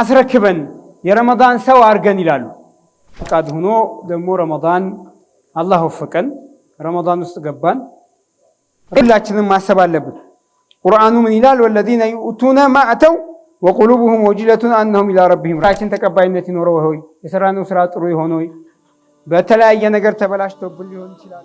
አስረክበን የረመዳን ሰው አድርገን ይላሉ። ፍቃድ ሆኖ ደግሞ ረመዳን አላህ ወፈቀን፣ ረመዳን ውስጥ ገባን። ሁላችንም ማሰብ አለብን። ቁርአኑ ምን ይላል? ወለዚነ ዩእቱነ ማዕተው ወቁሉብሁም ወጅለቱን አነሁም ኢላ ረቢሂም ራችን ተቀባይነት ይኖረው ሆይ የሰራነው ስራ ጥሩ የሆነ ሆይ በተለያየ ነገር ተበላሽቶብን ሊሆን ይችላል።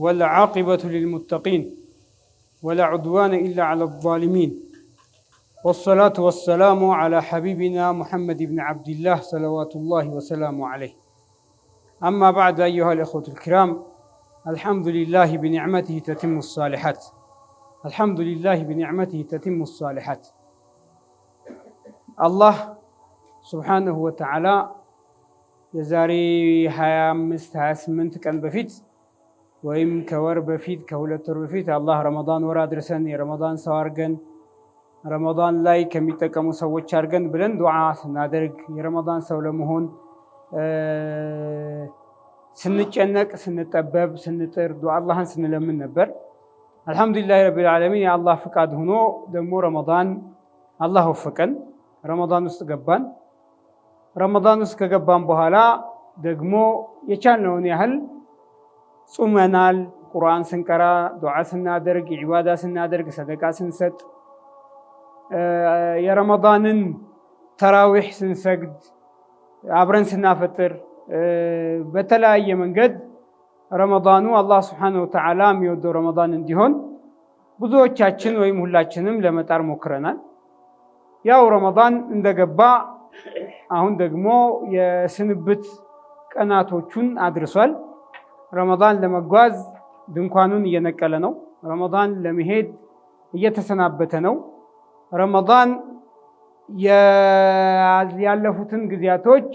والعاقبة للمتقين ولا عدوان إلا على الظالمين والصلاة والسلام على حبيبنا محمد بن عبد الله صلوات الله وسلامه عليه أما بعد أيها الأخوة الكرام الحمد لله بنعمته تتم الصالحات الحمد لله بنعمته تتم الصالحات الله سبحانه وتعالى يزاري هيا 28 ቀን በፊት ወይም ከወር በፊት ከሁለት ወር በፊት አላህ ረመዳን ወር አድርሰን የረመዳን ሰው አድርገን ረመዳን ላይ ከሚጠቀሙ ሰዎች አድርገን ብለን ዱዓ ስናደርግ የረመዳን ሰው ለመሆን ስንጨነቅ፣ ስንጠበብ፣ ስንጥር አላህን ስንለምን ነበር። አልሐምዱሊላህ ረቢል ዓለሚን የአላህ ፍቃድ ሆኖ ደግሞ ረመዳን አላህ ወፈቀን፣ ረመዳን ውስጥ ገባን። ረመዳን ውስጥ ከገባን በኋላ ደግሞ የቻልነውን ያህል ጹመናል ቁርአን ስንቀራ፣ ዱዓ ስናደርግ፣ ኢባዳ ስናደርግ፣ ሰደቃ ስንሰጥ፣ የረመዳንን ተራዊሕ ስንሰግድ፣ አብረን ስናፈጥር፣ በተለያየ መንገድ ረመዳኑ አላህ ስብሓነሁ ወተዓላ የሚወደው ረመዳን እንዲሆን ብዙዎቻችን ወይም ሁላችንም ለመጣር ሞክረናል። ያው ረመዳን እንደገባ አሁን ደግሞ የስንብት ቀናቶቹን አድርሷል። ረመዳን ለመጓዝ ድንኳኑን እየነቀለ ነው። ረመዳን ለመሄድ እየተሰናበተ ነው። ረመዳን ያለፉትን ጊዜያቶች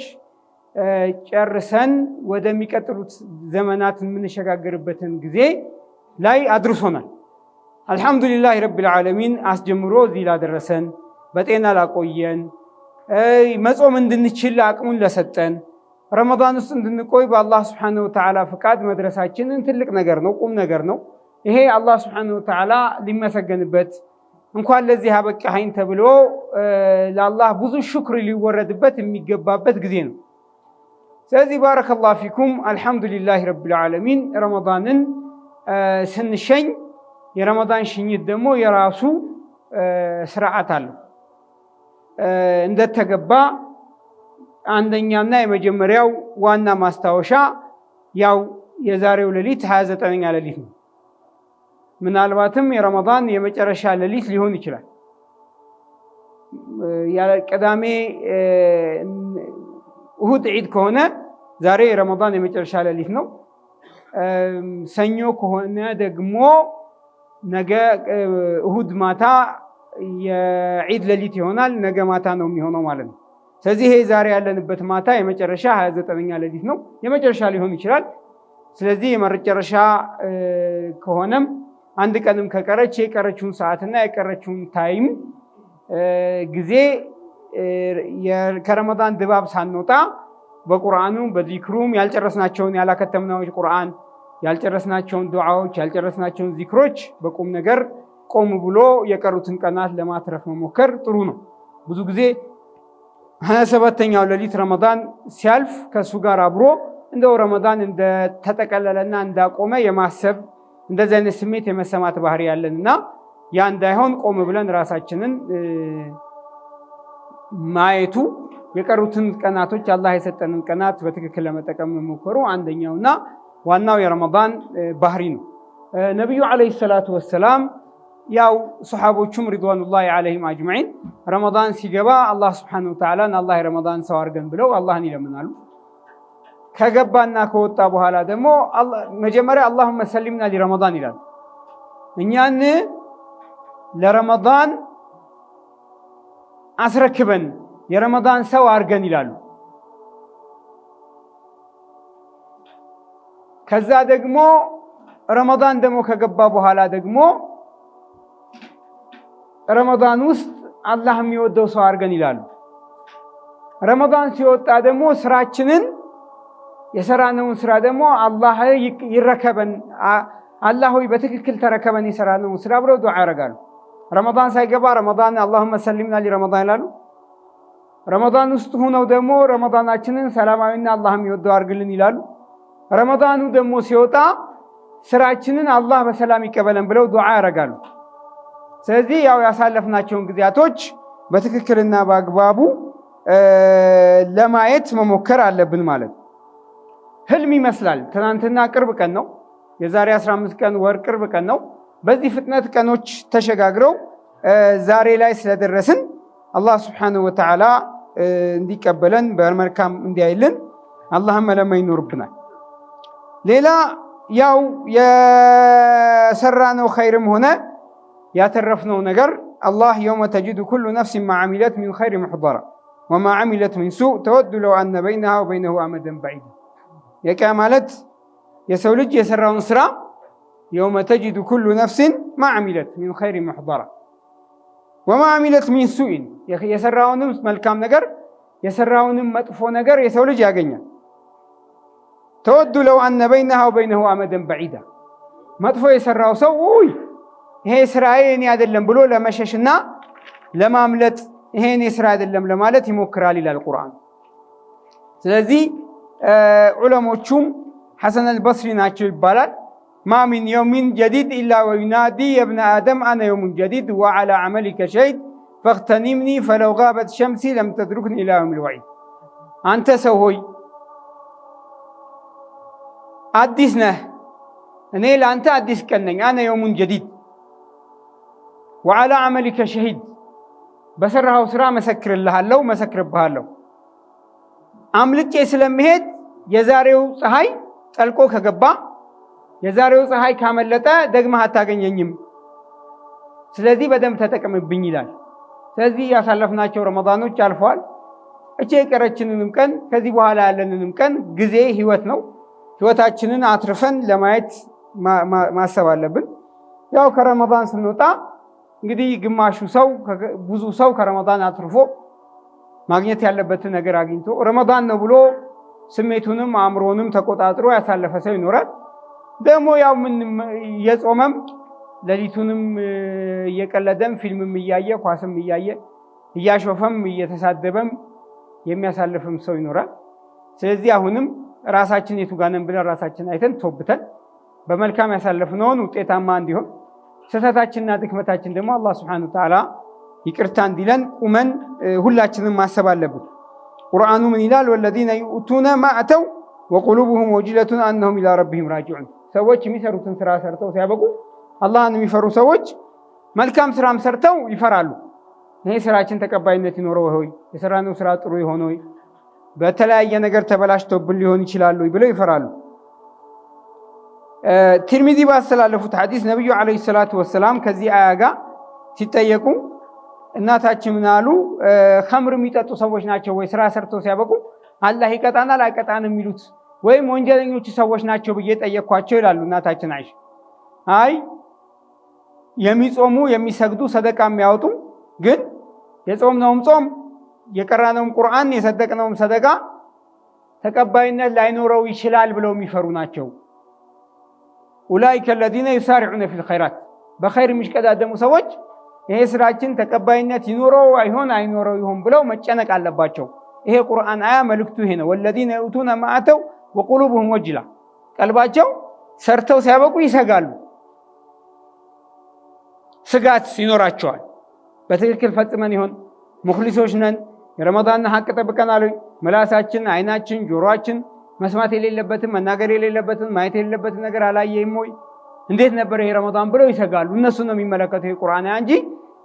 ጨርሰን ወደሚቀጥሉት ዘመናት የምንሸጋገርበትን ጊዜ ላይ አድርሶናል። አልሐምዱሊላህ ረብል ዓለሚን አስጀምሮ እዚህ ላደረሰን፣ በጤና ላቆየን፣ መጾም እንድንችል አቅሙን ለሰጠን ረመዳን ውስጥ እንድንቆይ በአላህ ስብሓነሁ ወተዓላ ፍቃድ መድረሳችንን ትልቅ ነገር ነው፣ ቁም ነገር ነው። ይሄ አላህ ስብሓነሁ ወተዓላ ሊመሰገንበት እንኳን ለዚህ አበቃኸኝ ተብሎ ለአላህ ብዙ ሽክር ሊወረድበት የሚገባበት ጊዜ ነው። ስለዚህ ባረከላሁ ፊኩም። አልሐምዱሊላህ ረብል ዓለሚን። ረመዳንን ስንሸኝ የረመዳን ሽኝት ደግሞ የራሱ ስርዓት አለው እንደተገባ አንደኛና የመጀመሪያው ዋና ማስታወሻ ያው የዛሬው ሌሊት 29 ዘጠነኛ ሌሊት ነው። ምናልባትም የረመዳን የመጨረሻ ሌሊት ሊሆን ይችላል። ቅዳሜ እሁድ ዒድ ከሆነ ዛሬ የረመዳን የመጨረሻ ሌሊት ነው። ሰኞ ከሆነ ደግሞ ነገ እሁድ ማታ የዒድ ሌሊት ይሆናል። ነገ ማታ ነው የሚሆነው ማለት ነው። ስለዚህ ይሄ ዛሬ ያለንበት ማታ የመጨረሻ 29ኛ ሌሊት ነው፣ የመጨረሻ ሊሆን ይችላል። ስለዚህ የመጨረሻ ከሆነም አንድ ቀንም ከቀረች የቀረችውን ሰዓትና የቀረችውን ታይም ጊዜ ከረመዳን ድባብ ሳንወጣ በቁርአኑ በዚክሩም ያልጨረስናቸውን ያላከተምናዎች ቁርአን ያልጨረስናቸውን ዱዓዎች ያልጨረስናቸውን ዚክሮች በቁም ነገር ቆም ብሎ የቀሩትን ቀናት ለማትረፍ መሞከር ጥሩ ነው። ብዙ ጊዜ ሀያ ሰባተኛው ሌሊት ረመዳን ሲያልፍ ከእሱ ጋር አብሮ እንደው ረመዳን እንደተጠቀለለና እንዳቆመ የማሰብ እንደዚህ አይነት ስሜት የመሰማት ባህሪ ያለን እና ያ እንዳይሆን ቆም ብለን ራሳችንን ማየቱ የቀሩትን ቀናቶች አላህ የሰጠንን ቀናት በትክክል ለመጠቀም መሞከሩ አንደኛውና ዋናው የረመዳን ባህሪ ነው። ነቢዩ ዓለይሂ ሰላቱ ወሰላም ያው ሰሓቦቹም ሪድዋኑላሂ ዓለይሂም አጅማዒን ረመዳን ሲገባ አላህ ስብሓነሁ ወተዓላን አላህ የረመዳን ሰው አድርገን ብለው አላህን ይለምናሉ። ከገባና ከወጣ በኋላ ደግሞ መጀመሪያ አላሁመ ሰሊምና ሊረመዳን ይላል። እኛን ለረመዳን አስረክበን የረመዳን ሰው አድርገን ይላሉ። ከዛ ደግሞ ረመዳን ደግሞ ከገባ በኋላ ደግሞ ረመዳን ውስጥ አላህ የሚወደው ሰው አድርገን ይላሉ። ረመዳን ሲወጣ ደግሞ ስራችንን የሰራነውን ስራ ደግሞ አላህ ይረከበን፣ አላህ ሆይ በትክክል ተረከበን የሰራነውን ስራ ብለው ዱዓ ያደርጋሉ። ረመዳን ሳይገባ ረመዳን አላሁመ ሰሊምና ረመዳን ይላሉ። ረመዳን ውስጥ ሁነው ደግሞ ረመዳናችንን ሰላማዊና አላህ የሚወደው አድርግልን ይላሉ። ረመዳኑ ደግሞ ሲወጣ ስራችንን አላህ በሰላም ይቀበለን ብለው ዱዓ ያደርጋሉ። ስለዚህ ያው ያሳለፍናቸውን ጊዜያቶች በትክክልና በአግባቡ ለማየት መሞከር አለብን ማለት ነው። ህልም ይመስላል። ትናንትና ቅርብ ቀን ነው። የዛሬ 15 ቀን ወር ቅርብ ቀን ነው። በዚህ ፍጥነት ቀኖች ተሸጋግረው ዛሬ ላይ ስለደረስን አላህ ስብሓነሁ ወተዓላ እንዲቀበለን በመልካም እንዲያይልን አላህን መለመን ይኖርብናል። ሌላ ያው የሰራነው ኸይርም ሆነ ያተረፍነው ነገር አላህ የውመ ተጅዱ ኩሉ ነፍሲን ማ ዓሚለት ሚን ኸይር ሙሕደራ ወማ ዓሚለት ሚን ሱእ ተወዱ ለው አነ በይነሃ ወበይነሁ አመደን በዒዳ የቂያ ማለት የሰው ልጅ የሰራውን ስራ የውመ ተጅዱ ኩሉ ነፍሲን ማ ዓሚለት ሚን ኸይር ሙሕደራ ወማ ዓሚለት ሚን ሱኢን የሰራውንም መልካም ነገር የሰራውንም መጥፎ ነገር የሰው ልጅ ያገኛል። ተወዱ ለው አነ በይነሃ ወበይነሁ አመደን በዒዳ መጥፎ የሰራው ሰው ውይ ይሄ ስራዬ እኔ አይደለም ብሎ ለመሸሽና ለማምለጥ ይሄ እኔ ስራ አይደለም ለማለት ይሞክራል ይላል ቁርአን። ስለዚህ ዑለሞቹም ሐሰን አልበስሪ ናቸው ይባላል። ማ ሚን የውሚን ጀዲድ ኢላ ወዩናዲ የብነ አደም አነ የውሙን ጀዲድ ወዓላ ዐመሊከ ሸሂድ ፈክተኒምኒ ፈለው ጋበት ሸምሲ ለም ተድሩክኒ ኢላ የውሚል ወዒድ። አንተ ሰው ሆይ አዲስ ነህ፣ እኔ ለአንተ አዲስ ቀን ነኝ። አነ የውሙን ጀዲድ ወዓላ አመሊከ ሸሂድ በሰራኸው ስራ መሰክርልሃለሁ፣ መሰክርብሃለሁ። አምልጬ ስለመሄድ የዛሬው ፀሐይ ጠልቆ ከገባ የዛሬው ፀሐይ ካመለጠ ደግመህ አታገኘኝም። ስለዚህ በደንብ ተጠቀምብኝ ይላል። ስለዚህ ያሳለፍናቸው ረመዳኖች አልፈዋል። እቺ የቀረችንንም ቀን ከዚህ በኋላ ያለንንም ቀን ጊዜ ህይወት ነው። ህይወታችንን አትርፈን ለማየት ማሰብ አለብን። ያው ከረመዳን ስንወጣ እንግዲህ ግማሹ ሰው ብዙ ሰው ከረመዳን አትርፎ ማግኘት ያለበትን ነገር አግኝቶ ረመዳን ነው ብሎ ስሜቱንም አእምሮንም ተቆጣጥሮ ያሳለፈ ሰው ይኖራል። ደግሞ ያው ምን የጾመም ሌሊቱንም እየቀለደም ፊልምም እያየ ኳስም እያየ እያሾፈም እየተሳደበም የሚያሳልፍም ሰው ይኖራል። ስለዚህ አሁንም ራሳችን የቱ ጋር ነን ብለን ራሳችን አይተን ተወብተን በመልካም ያሳለፍነውን ውጤታማ እንዲሆን ስህተታችንና ድክመታችን ደግሞ አላህ ስብሐነሁ ወተዓላ ይቅርታ እንዲለን ቁመን ሁላችንም ማሰብ አለብን። ቁርአኑ ምን ይላል? ወለዚነ ዩእቱነ ማዕተው ወቁሉብሁም ወጅለቱን አነሁም ኢላ ረቢሂም ራጅዑን። ሰዎች የሚሰሩትን ስራ ሰርተው ሲያበቁ አላህን የሚፈሩ ሰዎች መልካም ስራም ሰርተው ይፈራሉ። ይሄ ስራችን ተቀባይነት ይኖረው ሆይ የሰራነው ስራ ጥሩ የሆነ ሆይ በተለያየ ነገር ተበላሽቶብን ሊሆን ይችላሉ ብለው ይፈራሉ። ትርሚዚ ባስተላለፉት ሐዲስ ነቢዩ ዓለይሂ ሰላቱ ወሰላም ከዚህ አያ ጋር ሲጠየቁ እናታችን ምናሉ አሉ? ከምር የሚጠጡ ሰዎች ናቸው ወይ ስራ ሰርተው ሲያበቁ አላህ ይቀጣናል አይቀጣን የሚሉት ወይም ወንጀለኞቹ ሰዎች ናቸው ብዬ ጠየቅኳቸው ይላሉ እናታችን አይሻ። አይ የሚጾሙ የሚሰግዱ፣ ሰደቃ የሚያወጡ ግን የጾምነውም ጾም የቀራነውም ቁርአን የሰደቅነውም ሰደቃ ተቀባይነት ላይኖረው ይችላል ብለው የሚፈሩ ናቸው ኡላይከ ለዚነ ዩሳሪዑነ ፊል ኸይራት በኸይር የሚሽቀዳደሙ ሰዎች ይሄ ስራችን ተቀባይነት ይኖረው አይሆን አይኖረው ይሆን ብለው መጨነቅ አለባቸው። ይሄ ቁርአን አያ መልእክቱ ይሄ ነው። ወለዚነ ዩቱነ ማአተው ወቁሉብሁም ወጅላ ቀልባቸው ሰርተው ሲያበቁ ይሰጋሉ፣ ስጋት ይኖራቸዋል። በትክክል ፈጽመን ይሆን ሙክሊሶች ነን፣ የረመዳን ሀቅ ጠብቀናል፣ ምላሳችን፣ አይናችን፣ ጆሮችን። መስማት የሌለበትን መናገር የሌለበትን ማየት የሌለበትን ነገር አላየም ወይ? እንዴት ነበር ይሄ ረመዳን ብለው ይሰጋሉ። እነሱ ነው የሚመለከተው የቁርአን እንጂ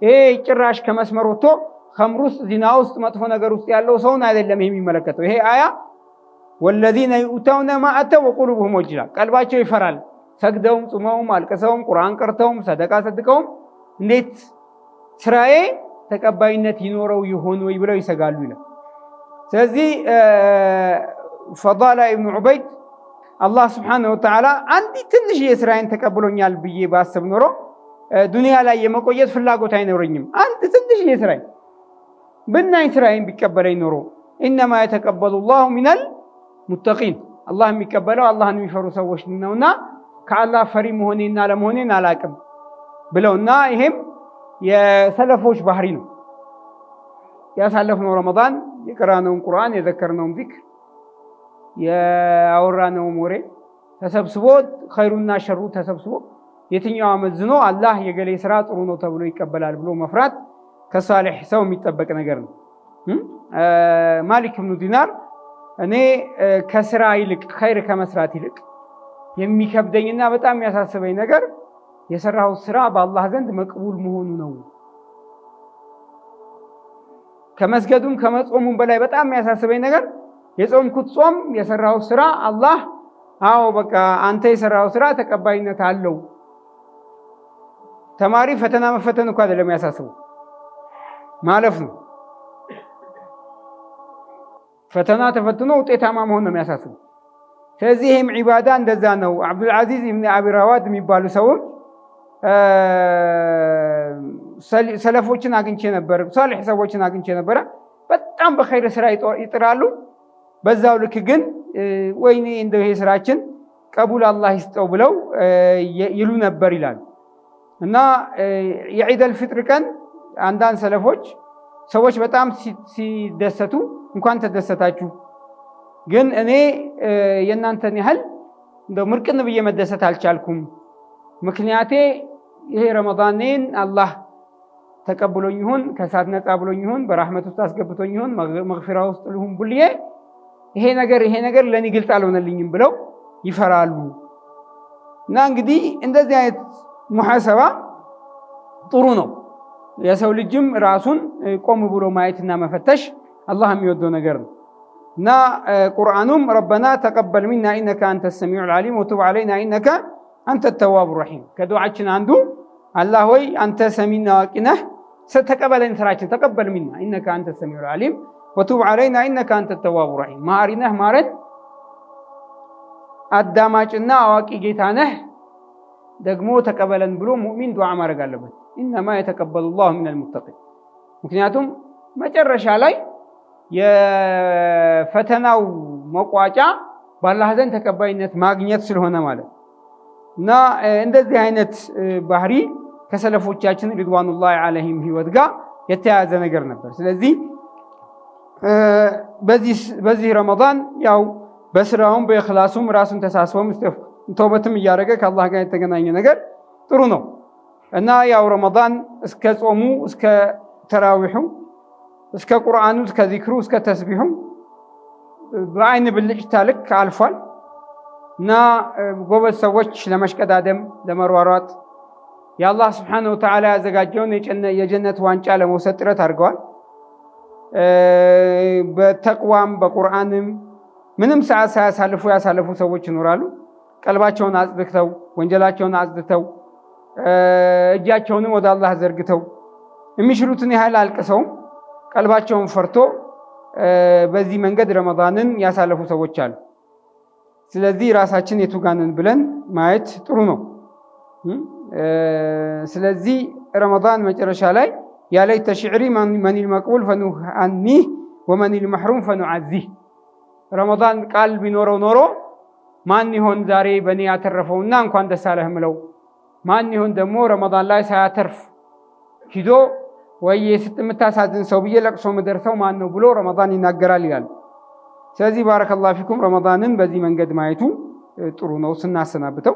ይሄ ጭራሽ ከመስመር ወጥቶ ከምር ውስጥ ዚና ውስጥ መጥፎ ነገር ውስጥ ያለው ሰውን አይደለም ይሄ የሚመለከተው። ይሄ አያ ወለዚነ ዩተውነ ማአተው ወቁሉብሁም ወጅላ ቀልባቸው ይፈራል። ሰግደውም ጽመውም አልቅሰውም ቁርአን ቀርተውም ሰደቃ ሰድቀውም እንዴት ስራዬ ተቀባይነት ይኖረው ይሆን ወይ ብለው ይሰጋሉ ይላል። ስለዚህ ፈላ ኢብኑ ዑበይድ አላህ ስብሓነሁ ወተዓላ አንዲ ትንሽ የስራዬን ተቀብሎኛል ብዬ ባስብ ኖሮ ዱንያ ላይ የመቆየት ፍላጎት አይኖረኝም። አንድ ትንሽ የስራይ ብናኝ ስራይን ቢቀበለኝ ኖሮ ኢነማ የተቀበሉ ላሁ ሚነል ሙተቂን አላህ የሚቀበለው አላህን የሚፈሩ ሰዎች ነውና ከአላህ ፈሪ መሆኔና ለመሆኔን አላቅም ብለውና ይሄም የሰለፎች ባህሪ ነው። ያሳለፍነው ረመዳን የቀራነውን ቁርአን የዘከርነውን ዚክር የአወራነውም ወሬ ተሰብስቦ ኸይሩና ሸሩ ተሰብስቦ የትኛው አመዝኖ አላህ የገሌ ስራ ጥሩ ነው ተብሎ ይቀበላል ብሎ መፍራት ከሳሌሕ ሰው የሚጠበቅ ነገር ነው። ማሊክ ብኑ ዲናር እኔ ከስራ ይልቅ ኸይር ከመስራት ይልቅ የሚከብደኝና በጣም የሚያሳስበኝ ነገር የሰራሁት ስራ በአላህ ዘንድ መቅቡል መሆኑ ነው። ከመስገዱም ከመጾሙም በላይ በጣም የሚያሳስበኝ ነገር የጾምኩት ጾም የሰራው ስራ አላህ አዎ በቃ አንተ የሰራው ስራ ተቀባይነት አለው። ተማሪ ፈተና መፈተን እኮ አይደለም ያሳስቡ ማለፍ ነው። ፈተና ተፈትኖ ውጤታማ መሆን ነው የሚያሳስቡ። ስለዚህ ይህም ዒባዳ እንደዛ ነው። አብዱልዓዚዝ ብን አቢ የሚባሉ ሰዎች ሰለፎችን አግኝቼ ነበር፣ ሳሌሕ ሰዎችን አግኝቼ ነበረ። በጣም በኸይር ስራ ይጥራሉ። በዛው ልክ ግን ወይኔ እንደው ይሄ ስራችን ቀቡል አላህ ይስጠው ብለው ይሉ ነበር ይላል እና የዒደል ፍጥር ቀን አንዳንድ ሰለፎች ሰዎች በጣም ሲደሰቱ እንኳን ተደሰታችሁ፣ ግን እኔ የእናንተን ያህል እንደው ምርቅን ብዬ መደሰት አልቻልኩም። ምክንያቴ ይሄ ረመዳኔን አላህ ተቀብሎኝ ይሁን ከእሳት ነፃ ብሎኝ ይሁን በራህመት ውስጥ አስገብቶኝ ይሁን መግፊራ ውስጥ ልሁን ብልዬ ይሄ ነገር ይሄ ነገር ለእኔ ግልጽ አልሆነልኝም ብለው ይፈራሉ። እና እንግዲህ እንደዚህ አይነት ሙሐሰባ ጥሩ ነው። የሰው ልጅም ራሱን ቆም ብሎ ማየትና መፈተሽ አላህ የሚወደው ነገር ነው እና ቁርአኑም ረበና ተቀበል ሚና ኢነከ አንተ ሰሚዑ ልዓሊም ወቱብ ዓለይና ኢነከ አንተ ተዋቡ ረሒም ከዱዓችን አንዱ አላህ ሆይ አንተ ሰሚና አዋቂ ነህ፣ ተቀበለን ስራችን ተቀበል ሚና ኢነከ አንተ ሰሚዑ ልዓሊም ወቱብ ዓለይና ኢነከ አንተ ተዋቡ ረሒም መሐሪ ነህ ማለት አዳማጭና አዋቂ ጌታ ነህ ደግሞ ተቀበለን ብሎ ሙእሚን ዱዓ ማድረግ አለበት። ኢነማ የተቀበሉ ላሁ ሚነል ሙተቂን። ምክንያቱም መጨረሻ ላይ የፈተናው መቋጫ በአላህ ዘንድ ተቀባይነት ማግኘት ስለሆነ ማለት እና እንደዚህ አይነት ባህሪ ከሰለፎቻችን ሪድዋኑላሂ ዓለይሂም ህይወት ጋር የተያያዘ ነገር ነበር። ስለዚህ በዚህ ረመዳን ያው በስራውም በእክላሱም ራሱን ተሳስቦም ተውበትም እያደረገ ከአላህ ጋር የተገናኘ ነገር ጥሩ ነው እና ያው ረመዳን እስከ ጾሙ እስከ ተራዊሑ እስከ ቁርአኑ እስከ ዚክሩ እስከ ተስቢሑ በአይን ብልጭታ ልክ አልፏል እና ጎበዝ ሰዎች ለመሽቀዳደም ለመሯሯጥ የአላህ ስብሓነሁ ወተዓላ ያዘጋጀውን የጀነት ዋንጫ ለመውሰድ ጥረት አድርገዋል። በተቅዋም በቁርአንም ምንም ሰዓት ሳያሳልፉ ያሳለፉ ሰዎች ይኖራሉ። ቀልባቸውን አጽድተው ወንጀላቸውን አጽድተው እጃቸውንም ወደ አላህ ዘርግተው የሚችሉትን ያህል አልቅሰውም ቀልባቸውን ፈርቶ በዚህ መንገድ ረመዳንን ያሳለፉ ሰዎች አሉ። ስለዚህ ራሳችን የቱጋንን ብለን ማየት ጥሩ ነው። ስለዚህ ረመዳን መጨረሻ ላይ ያ ለይተ ሽዕሪ መኒል መቅቡል ፈኑአኒ ወመኒል መሕሩም ፈኑዓዚህ። ረመዳን ቃል ቢኖረው ኖሮ ማን ይሆን ዛሬ በእኔ ያተረፈውና እንኳን ደስ አለህ ምለው? ማን ይሆን ደግሞ ረመዳን ላይ ሳያተርፍ ሂዶ ወይ ወይዬ የምታሳዝን ሰው ብዬ ለቅሶ ምደርሰው ማን ነው ብሎ ረመዳን ይናገራል ይላል። ስለዚህ ባረከላሁ ፊኩም ረመዳንን በዚህ መንገድ ማየቱ ጥሩ ነው። ስናሰናብተው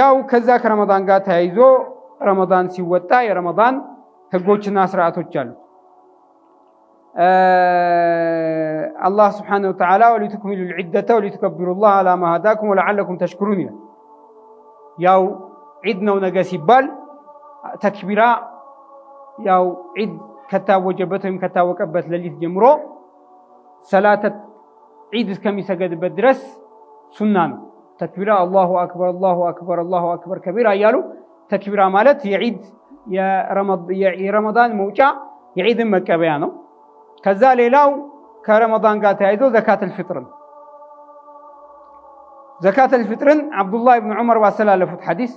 ያው ከዛ ከረመዳን ጋር ተያይዞ ረመዳን ሲወጣ የረመዳን ህጎችና ስርዓቶች አሉ። አላህ ስብሓነሁ ወተዓላ ወሊቱክሚሉ ልዒደተ ወሊቱከቢሩላህ አላ ማ ሃዳኩም ወለዓለኩም ተሽክሩን ይላል። ያው ዒድ ነው ነገ ሲባል ተክቢራ ያው ዒድ ከታወጀበት ወይም ከታወቀበት ሌሊት ጀምሮ ሰላተ ዒድ እስከሚሰገድበት ድረስ ሱና ነው። ተክቢራ አላሁ አክበር አላሁ አክበር አላሁ አክበር ከቢራ እያሉ ተክቢራ ማለት የዒድ የረመዳን መውጫ የዒድን መቀበያ ነው። ከዛ ሌላው ከረመዳን ጋር ተያይዞ ዘካተል ፍጥርን ዘካተል ፍጥርን ዓብዱላህ ብን ዑመር ባስተላለፉት ሐዲስ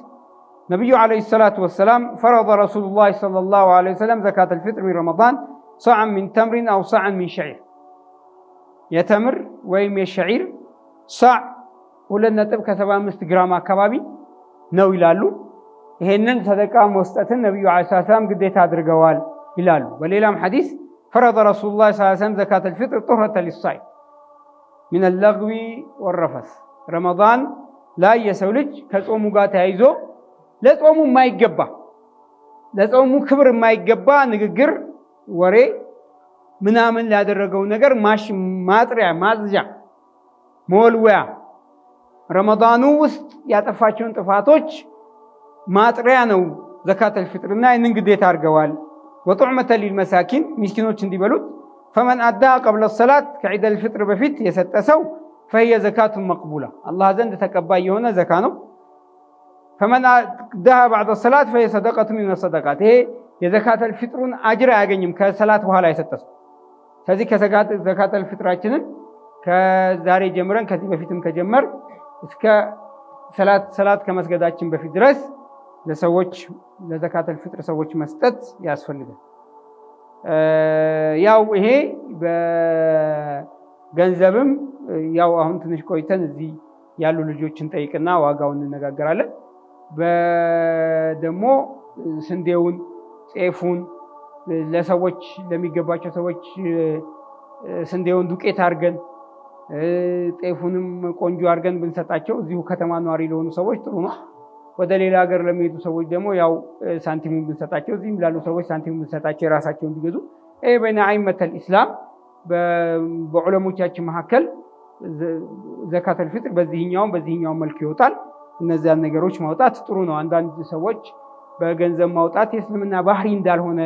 ነቢዩ ዓለይሂ ሰላቱ ወሰላም ፈረደ ረሱሉላህ ሰለላሁ ዓለይሂ ወሰለም ዘካተል ፍጥር ሚን ረመዳን ሰዓን ሚን ተምሪን አው ሰዓን ሚን ሸዒር የተምር ወይም የሸዒር ሳዕ ሁለት ነጥብ ከሰባ አምስት ግራም አካባቢ ነው ይላሉ። ይሄንን ሰደቃ መስጠትን ነቢዩ ዓለይሂ ሰላም ግዴታ አድርገዋል ይላሉ። በሌላም ሐዲስ ፈረደ ረሱሉላህ ሰለላሁ ዐለይሂ ወሰለም ዘካተል ፊጥር ጡህረተ ሊሳኢም ሚነል ለግዊ ወረፈስ። ረመዳን ላይ የሰው ልጅ ከጾሙ ጋር ተያይዞ ለጾሙ የማይገባ ለጾሙ ክብር የማይገባ ንግግር፣ ወሬ ምናምን ላደረገው ነገር ማሽ ማጥሪያ ማጽጃ መወልወያ ረመዳኑ ውስጥ ያጠፋቸውን ጥፋቶች ማጥሪያ ነው ዘካተል ፊጥር እና ይህንን ግዴታ አድርገዋል። ወጡዕመተ ሊል መሳኪን ሚስኪኖች እንዲበሉት ፈመን አዳ ቀብለ ሰላት ከዒደል ፊጥር በፊት የሰጠ ሰው ፈየ ዘካቱን መቅቡላ አላህ ዘንድ ተቀባይ የሆነ ዘካ ነው። ፈመን አዳሃ ባዕደ ሰላት ፈየ ሰደቀቱ ሚነ ሰደቃት ይሄ የዘካተል ፊጥሩን አጅር አያገኝም ከሰላት በኋላ የሰጠ ሰው። ስለዚህ ከዘካተል ፊጥራችንን ከዛሬ ጀምረን ከዚህ በፊትም ከጀመር እስከ ሰላት ከመስገዳችን በፊት ድረስ ለሰዎች ለዘካተል ፍጥር ሰዎች መስጠት ያስፈልጋል። ያው ይሄ በገንዘብም ያው አሁን ትንሽ ቆይተን እዚህ ያሉ ልጆችን ጠይቅና ዋጋውን እንነጋገራለን። ደግሞ ስንዴውን፣ ጤፉን ለሰዎች ለሚገባቸው ሰዎች ስንዴውን ዱቄት አድርገን ጤፉንም ቆንጆ አድርገን ብንሰጣቸው እዚሁ ከተማ ነዋሪ ለሆኑ ሰዎች ጥሩ ነው። ወደ ሌላ ሀገር ለሚሄዱ ሰዎች ደግሞ ያው ሳንቲሙን ብንሰጣቸው፣ እዚህም ላሉ ሰዎች ሳንቲሙን ብንሰጣቸው የራሳቸውን ቢገዙ ይህ በይነ አይመተል ኢስላም በዑለሞቻችን መካከል ዘካተል ፊጥር በዚህኛውም በዚህኛውም መልክ ይወጣል። እነዚያን ነገሮች ማውጣት ጥሩ ነው። አንዳንድ ሰዎች በገንዘብ ማውጣት የእስልምና ባህሪ እንዳልሆነ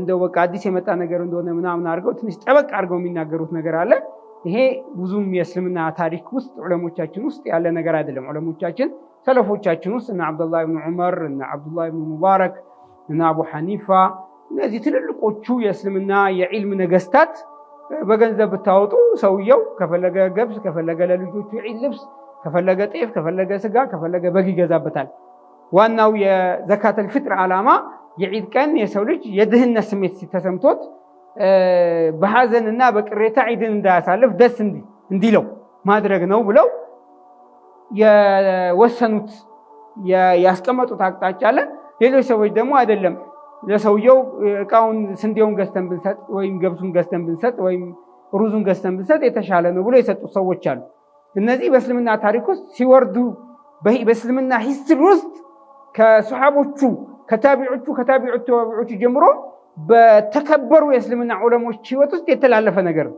እንደው በቃ አዲስ የመጣ ነገር እንደሆነ ምናምን አድርገው ትንሽ ጠበቅ አድርገው የሚናገሩት ነገር አለ። ይሄ ብዙም የእስልምና ታሪክ ውስጥ ዑለሞቻችን ውስጥ ያለ ነገር አይደለም። ዑለሞቻችን ሰለፎቻችን ውስጥ እነ አብዱላ ብን ዑመር እነ አብዱላ ብን ሙባረክ እነ አቡ ሐኒፋ እነዚህ ትልልቆቹ የእስልምና የዒልም ነገስታት በገንዘብ ብታወጡ ሰውየው ከፈለገ ገብስ ከፈለገ ለልጆቹ ዒድ ልብስ ከፈለገ ጤፍ ከፈለገ ስጋ ከፈለገ በግ ይገዛበታል። ዋናው የዘካተል ፍጥር ዓላማ የዒድ ቀን የሰው ልጅ የድህነት ስሜት ተሰምቶት እና በቅሬታ ዒድን እንዳያሳልፍ ደስ እንዲለው ማድረግ ነው ብለው የወሰኑት ያስቀመጡት አቅጣጫ አለ። ሌሎች ሰዎች ደግሞ አይደለም ለሰውየው እቃውን ስንዴውን ገዝተን ብንሰጥ ወይም ገብሱን ገዝተን ብንሰጥ ወይም ሩዙን ገዝተን ብንሰጥ የተሻለ ነው ብሎ የሰጡት ሰዎች አሉ። እነዚህ በእስልምና ታሪክ ውስጥ ሲወርዱ በእስልምና ሂስትሪ ውስጥ ከሰሓቦቹ ከታቢዖቹ ከታቢዑ ታቢዖቹ ጀምሮ በተከበሩ የእስልምና ዑለሞች ህይወት ውስጥ የተላለፈ ነገር ነው።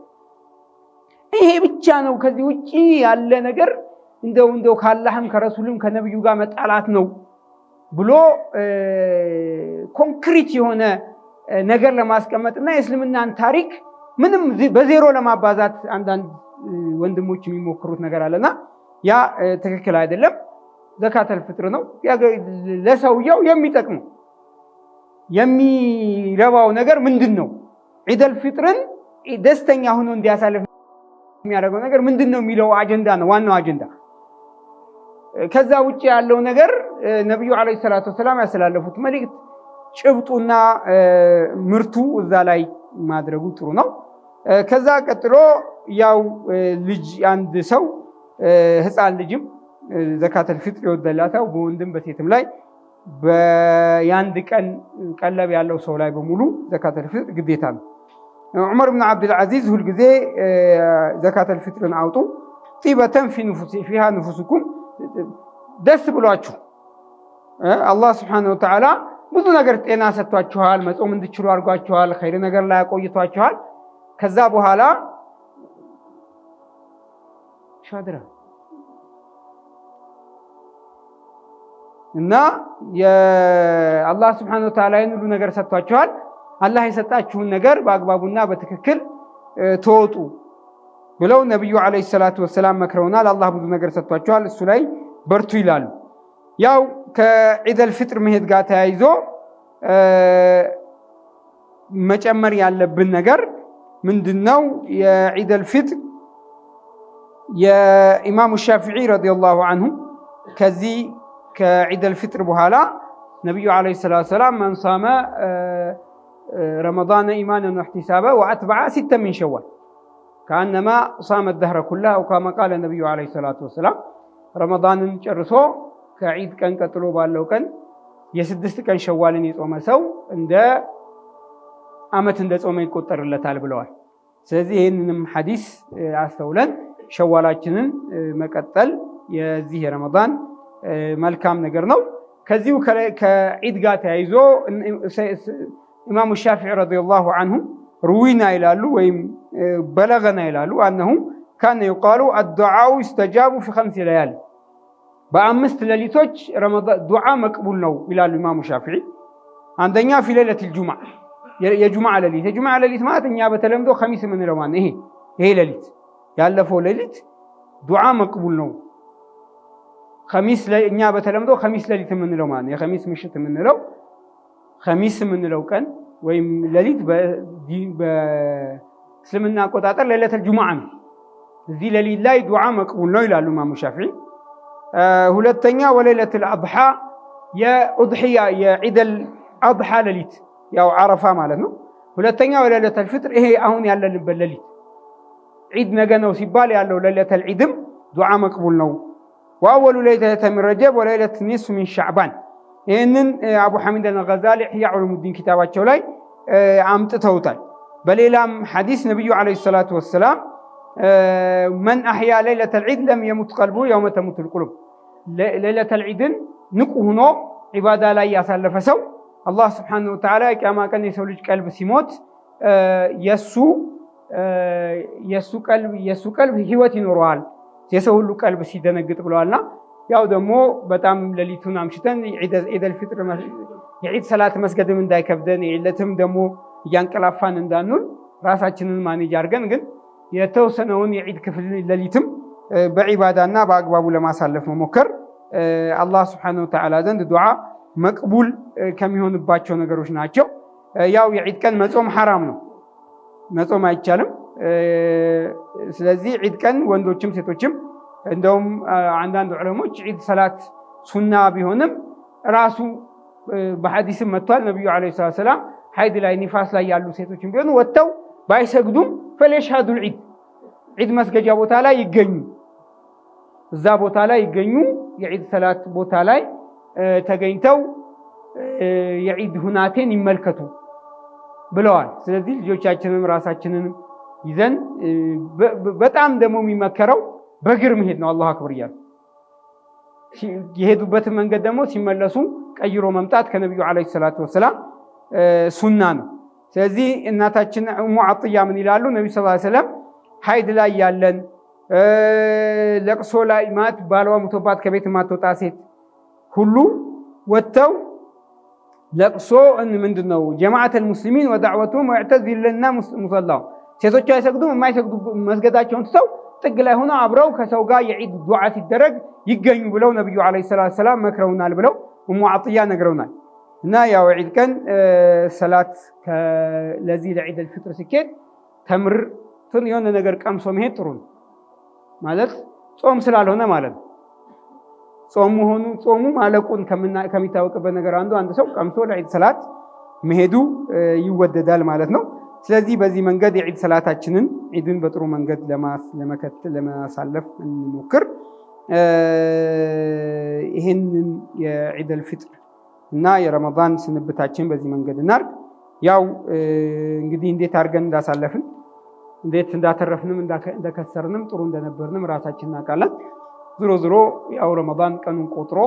ይሄ ብቻ ነው። ከዚህ ውጭ ያለ ነገር እንደው እንደው ካላህም ከረሱልም ከነብዩ ጋር መጣላት ነው ብሎ ኮንክሪት የሆነ ነገር ለማስቀመጥና የእስልምናን ታሪክ ምንም በዜሮ ለማባዛት አንዳንድ ወንድሞች የሚሞክሩት ነገር አለና ያ ትክክል አይደለም። ዘካተል ፍጥር ነው ለሰውየው የሚጠቅመው የሚረባው ነገር ምንድን ነው? ዒደል ፍጥርን ደስተኛ ሆኖ እንዲያሳልፍ የሚያደርገው ነገር ምንድን ነው የሚለው አጀንዳ ነው ዋናው አጀንዳ። ከዛ ውጭ ያለው ነገር ነቢዩ ዓለይሂ ሰላቱ ወሰላም ያስተላለፉት መልእክት ጭብጡና ምርቱ እዛ ላይ ማድረጉ ጥሩ ነው። ከዛ ቀጥሎ ያው ልጅ አንድ ሰው ህፃን ልጅም ዘካተል ፊጥር ይወደላታው በወንድም በሴትም ላይ የአንድ ቀን ቀለብ ያለው ሰው ላይ በሙሉ ዘካተል ፊጥር ግዴታ ነው። ዑመር ብን ዓብድልዓዚዝ ሁልጊዜ ዘካተል ፊጥርን አውጡ ጢበተን ፊሃ ንፉስኩም ደስ ብሏችሁ አላህ ስብሓነሁ ወተዓላ ብዙ ነገር ጤና ሰጥቷችኋል፣ መጾም እንድችሉ አድርጓችኋል፣ ኸይር ነገር ላይ አቆይቷችኋል። ከዛ በኋላ ሻድራ እና የአላህ ስብሓነሁ ወተዓላ ይህን ሁሉ ነገር ሰጥቷችኋል። አላህ የሰጣችሁን ነገር በአግባቡና በትክክል ተወጡ ብለው ነቢዩ ዓለይሂ ሰላቱ ወሰላም መክረውናል። አላህ ብዙ ነገር ሰጥቷቸዋል። እሱ ላይ በርቱ ይላሉ። ያው ከዒደል ፍጥር መሄድ ጋር ተያይዞ መጨመር ያለብን ነገር ምንድን ነው? የዒደል ፍጥር የኢማሙ ሻፊዒ ረዲየላሁ አንሁ ከዚህ ከዒደል ፍጥር በኋላ ነቢዩ ዓለይሂ ሰላቱ ወሰላም መን ረመዳነ ኢማነን ወሕቲሳበ ወአትበዓ ሲተ ሚን ሸዋል ከአነማ ሳመ ደህረ ኩላ አው ቃለ ነቢዩ ዓለይሂ ሰላቱ ወሰላም ረመዳንን ጨርሶ ከዒድ ቀን ቀጥሎ ባለው ቀን የስድስት ቀን ሸዋልን የጾመ ሰው እንደ አመት እንደ ጾመ ይቆጠርለታል ብለዋል። ስለዚህ ይህንንም ሐዲስ አስተውለን ሸዋላችንን መቀጠል የዚህ የረመዳን መልካም ነገር ነው። ከዚሁ ከዒድ ጋር ተያይዞ ኢማሙ ሻፊዒ ረዲየላሁ አንሁ ሩዊና ይላሉ ወይም በለገና ይላሉ። አነሁም ካነ ዩቃሉ አዱዓው ይስተጃቡ ፊ ኸምሲ ለያል በአምስት ሌሊቶች ዱዓ መቅቡል ነው ይላሉ ኢማሙ ሻፊዒ። አንደኛ ፊ ሌለት ልጁምዓ የጁምዓ ሌሊት የጁምዓ ሌሊት ማለት እኛ በተለምዶ ከሚስ የምንለው ማለት ይሄ ይሄ ሌሊት ያለፈው ሌሊት ዱዓ መቅቡል ነው። ከሚስ እኛ በተለምዶ ከሚስ ሌሊት የምንለው ማለት የከሚስ ምሽት የምንለው ከሚስ የምንለው ቀን ወይም ሌሊት በእስልምና አቆጣጠር ሌለተል ጁሙዓ ነው። እዚህ ሌሊት ላይ ዱዓ መቅቡል ነው ይላሉ ኢማሙ ሻፊዒ። ሁለተኛ ወሌለተል አድሓ የኡድሕያ የዒደል አድሓ ሌሊት ያው ዓረፋ ማለት ነው። ሁለተኛ ወሌለተል ፍጥር ይሄ አሁን ያለንበት ሌሊት ዒድ ነገ ነው ሲባል ያለው ሌለተል ዒድም ዱዓ መቅቡል ነው። ወአወሉ ሌሊተ ሚን ረጀብ ወሌለት ኒስፍ ሚን ሻዕባን ይህንን አቡ ሐሚድ አልጋዛሊ ኢሕያ ዑሉሙዲን ኪታባቸው ላይ አምጥተውታል። በሌላም ሐዲስ ነቢዩ ዓለይሂ ሰላቱ ወሰላም መን አሕያ ሌይለተል ዒድ ለም የሙት ቀልቡ የውመ ተሙቱል ቁሉብ፣ ሌይለተል ዒድን ንቁ ሆኖ ዒባዳ ላይ ያሳለፈ ሰው አላህ ስብሓነሁ ወተዓላ የቅያማ ቀን የሰው ልጅ ቀልብ ሲሞት የሱ የሱ ቀልብ ህይወት ይኖረዋል የሰው ሁሉ ቀልብ ሲደነግጥ ብለዋልና ያው ደግሞ በጣም ሌሊቱን አምሽተን ዒደል ፊጥር የዒድ ሰላት መስገድም እንዳይከብደን የዕለትም ደግሞ እያንቀላፋን እንዳኑን ራሳችንን ማኔጅ አድርገን ግን የተወሰነውን የዒድ ክፍል ሌሊትም በዒባዳና በአግባቡ ለማሳለፍ መሞከር አላህ ስብሓነሁ ወተዓላ ዘንድ ዱዓ መቅቡል ከሚሆንባቸው ነገሮች ናቸው። ያው የዒድ ቀን መጾም ሐራም ነው፣ መጾም አይቻልም። ስለዚህ ዒድ ቀን ወንዶችም ሴቶችም እንደውም አንዳንድ ዑለሞች ዒድ ሰላት ሱና ቢሆንም ራሱ በሐዲስም መጥቷል። ነቢዩ ዓለይሂ ሰላቱ ወሰላም ሐይድ ላይ ኒፋስ ላይ ያሉ ሴቶችን ቢሆኑ ወጥተው ባይሰግዱም ፈለየሽሃዱል ዒድ ዒድ መስገጃ ቦታ ላይ ይገኙ፣ እዛ ቦታ ላይ ይገኙ፣ የዒድ ሰላት ቦታ ላይ ተገኝተው የዒድ ሁናቴን ይመልከቱ ብለዋል። ስለዚህ ልጆቻችንም ራሳችንንም ይዘን በጣም ደግሞ የሚመከረው በእግር መሄድ ነው። አላሁ አክበር እያሉ የሄዱበትን መንገድ ደግሞ ሲመለሱም ቀይሮ መምጣት ከነቢዩ ዓለይሂ ሰላቱ ወሰላም ሱና ነው። ስለዚህ እናታችን ኡሙ አጥያ ምን ይላሉ? ነቢዩ ሰለላሁ ዐለይሂ ወሰለም ሀይድ ላይ ያለን ለቅሶ ላይ ማት ባለዋ ሙቶባት ከቤት ማትወጣ ሴት ሁሉ ወጥተው ለቅሶ ምንድን ነው ጀማዓተል ሙስሊሚን ወዳዕወቱም ወዕተዚልና ሙሰላሁ ሴቶች አይሰግዱም የማይሰግዱ መስገዳቸውን ትተው ጥግ ላይ ሆነ አብረው ከሰው ጋር የዒድ ዱዓ ሲደረግ ይገኙ ብለው ነቢዩ ዓለይሂ ሰላቱ ሰላም መክረውናል ብለው እሙ አጥያ ነግረውናል። እና ያው ዒድ ቀን ሰላት ለዚህ ለዒድ አልፍጥር ሲኬድ ተምርትን የሆነ ነገር ቀምሶ መሄድ ጥሩ ነው ማለት ጾም ስላልሆነ ማለት ነው። ጾም መሆኑ ጾሙ ማለቁን ከሚታወቅበት ነገር አንዱ አንድ ሰው ቀምሶ ለዒድ ሰላት መሄዱ ይወደዳል ማለት ነው። ስለዚህ በዚህ መንገድ የዒድ ሰላታችንን ዒድን በጥሩ መንገድ ለማሳለፍ እንሞክር። ይህንን የዒድ አልፍጥር እና የረመዳን ስንብታችን በዚህ መንገድ እናርግ። ያው እንግዲህ እንዴት አድርገን እንዳሳለፍን እንዴት እንዳተረፍንም እንደከሰርንም ጥሩ እንደነበርንም ራሳችን እናውቃለን። ዝሮ ዝሮ ያው ረመዳን ቀኑን ቆጥሮ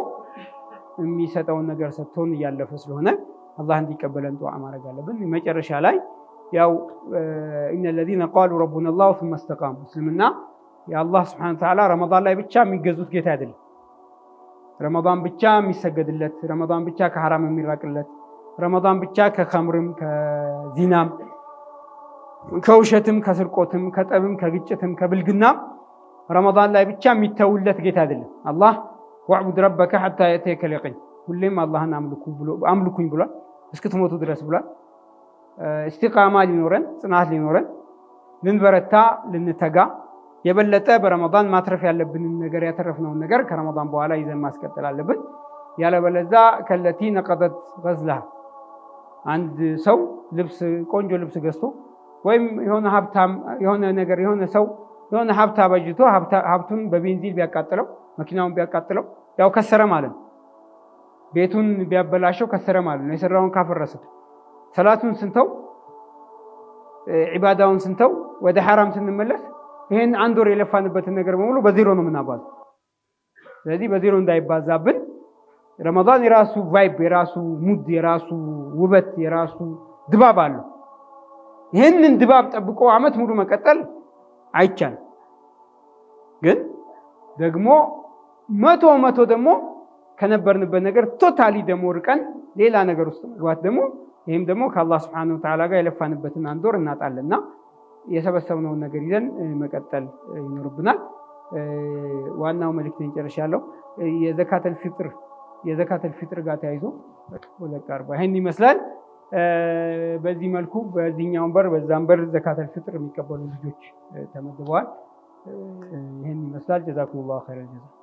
የሚሰጠውን ነገር ሰጥቶን እያለፈ ስለሆነ አላህ እንዲቀበለን ጠዋ ማድረግ አለብን። መጨረሻ ላይ ያው ኢነ ለዚነ ቃሉ ረቡና ላሁ ሱመ እስተቃሙ እስልምና የአላህ ስብሐነ ተዓላ ረመዳን ላይ ብቻ የሚገዙት ጌታ አይደለም። ረመዳን ብቻ የሚሰገድለት፣ ረመዳን ብቻ ከሐራም የሚራቅለት፣ ረመዳን ብቻ ከከምርም ከዚናም ከውሸትም ከስርቆትም ከጠብም ከግጭትም ከብልግናም ረመዳን ላይ ብቻ የሚተውለት ጌታ አይደለም። አላህ ዋዕቡድ ረበከ ሐታ የእትየከል የቂን ሁሌም አላህን አምልኩኝ ብሏል፣ እስክትሞቱ ድረስ ብሏል። እስቲቃማ ሊኖረን ጽናት ሊኖረን ልንበረታ ልንተጋ የበለጠ በረመዳን ማትረፍ ያለብንን ነገር ያተረፍነውን ነገር ከረመዳን በኋላ ይዘን ማስቀጠል አለብን። ያለበለዛ ከለቲ ነቀጠት ገዝላ አንድ ሰው ልብስ ቆንጆ ልብስ ገዝቶ ወይም የሆነ ሀብታም የሆነ ነገር የሆነ ሰው የሆነ ሀብታ በጅቶ ሀብቱን በቤንዚል ቢያቃጥለው መኪናውን ቢያቃጥለው ያው ከሰረ ማለት ነው። ቤቱን ቢያበላሸው ከሰረ ማለት ነው። የሰራውን ካፈረሰው ሰላቱን ስንተው ዒባዳውን ስንተው ወደ ሐራም ስንመለስ ይህን አንድ ወር የለፋንበትን ነገር በሙሉ በዜሮ ነው የምናባዘው። ስለዚህ በዜሮ እንዳይባዛብን ረመዳን የራሱ ቫይብ፣ የራሱ ሙድ፣ የራሱ ውበት፣ የራሱ ድባብ አለው። ይህንን ድባብ ጠብቆ አመት ሙሉ መቀጠል አይቻልም። ግን ደግሞ መቶ መቶ ደግሞ ከነበርንበት ነገር ቶታሊ ደግሞ ርቀን ሌላ ነገር ውስጥ መግባት ደግሞ ይህም ደግሞ ከአላህ ስብሐነሁ ተዓላ ጋር የለፋንበትን አንድ ወር እናጣለና የሰበሰብነውን ነገር ይዘን መቀጠል ይኖርብናል። ዋናው መልእክቴን ጨርሻለሁ። የዘካተል ፊጥር የዘካተል ፊጥር ጋር ተያይዞ ይህን ይመስላል። በዚህ መልኩ በዚህኛውን በር በዛም በር ዘካተል ፊጥር የሚቀበሉ ልጆች ተመድበዋል። ይህን ይመስላል። ጀዛኩሙላሁ ኸይረል ጀዛ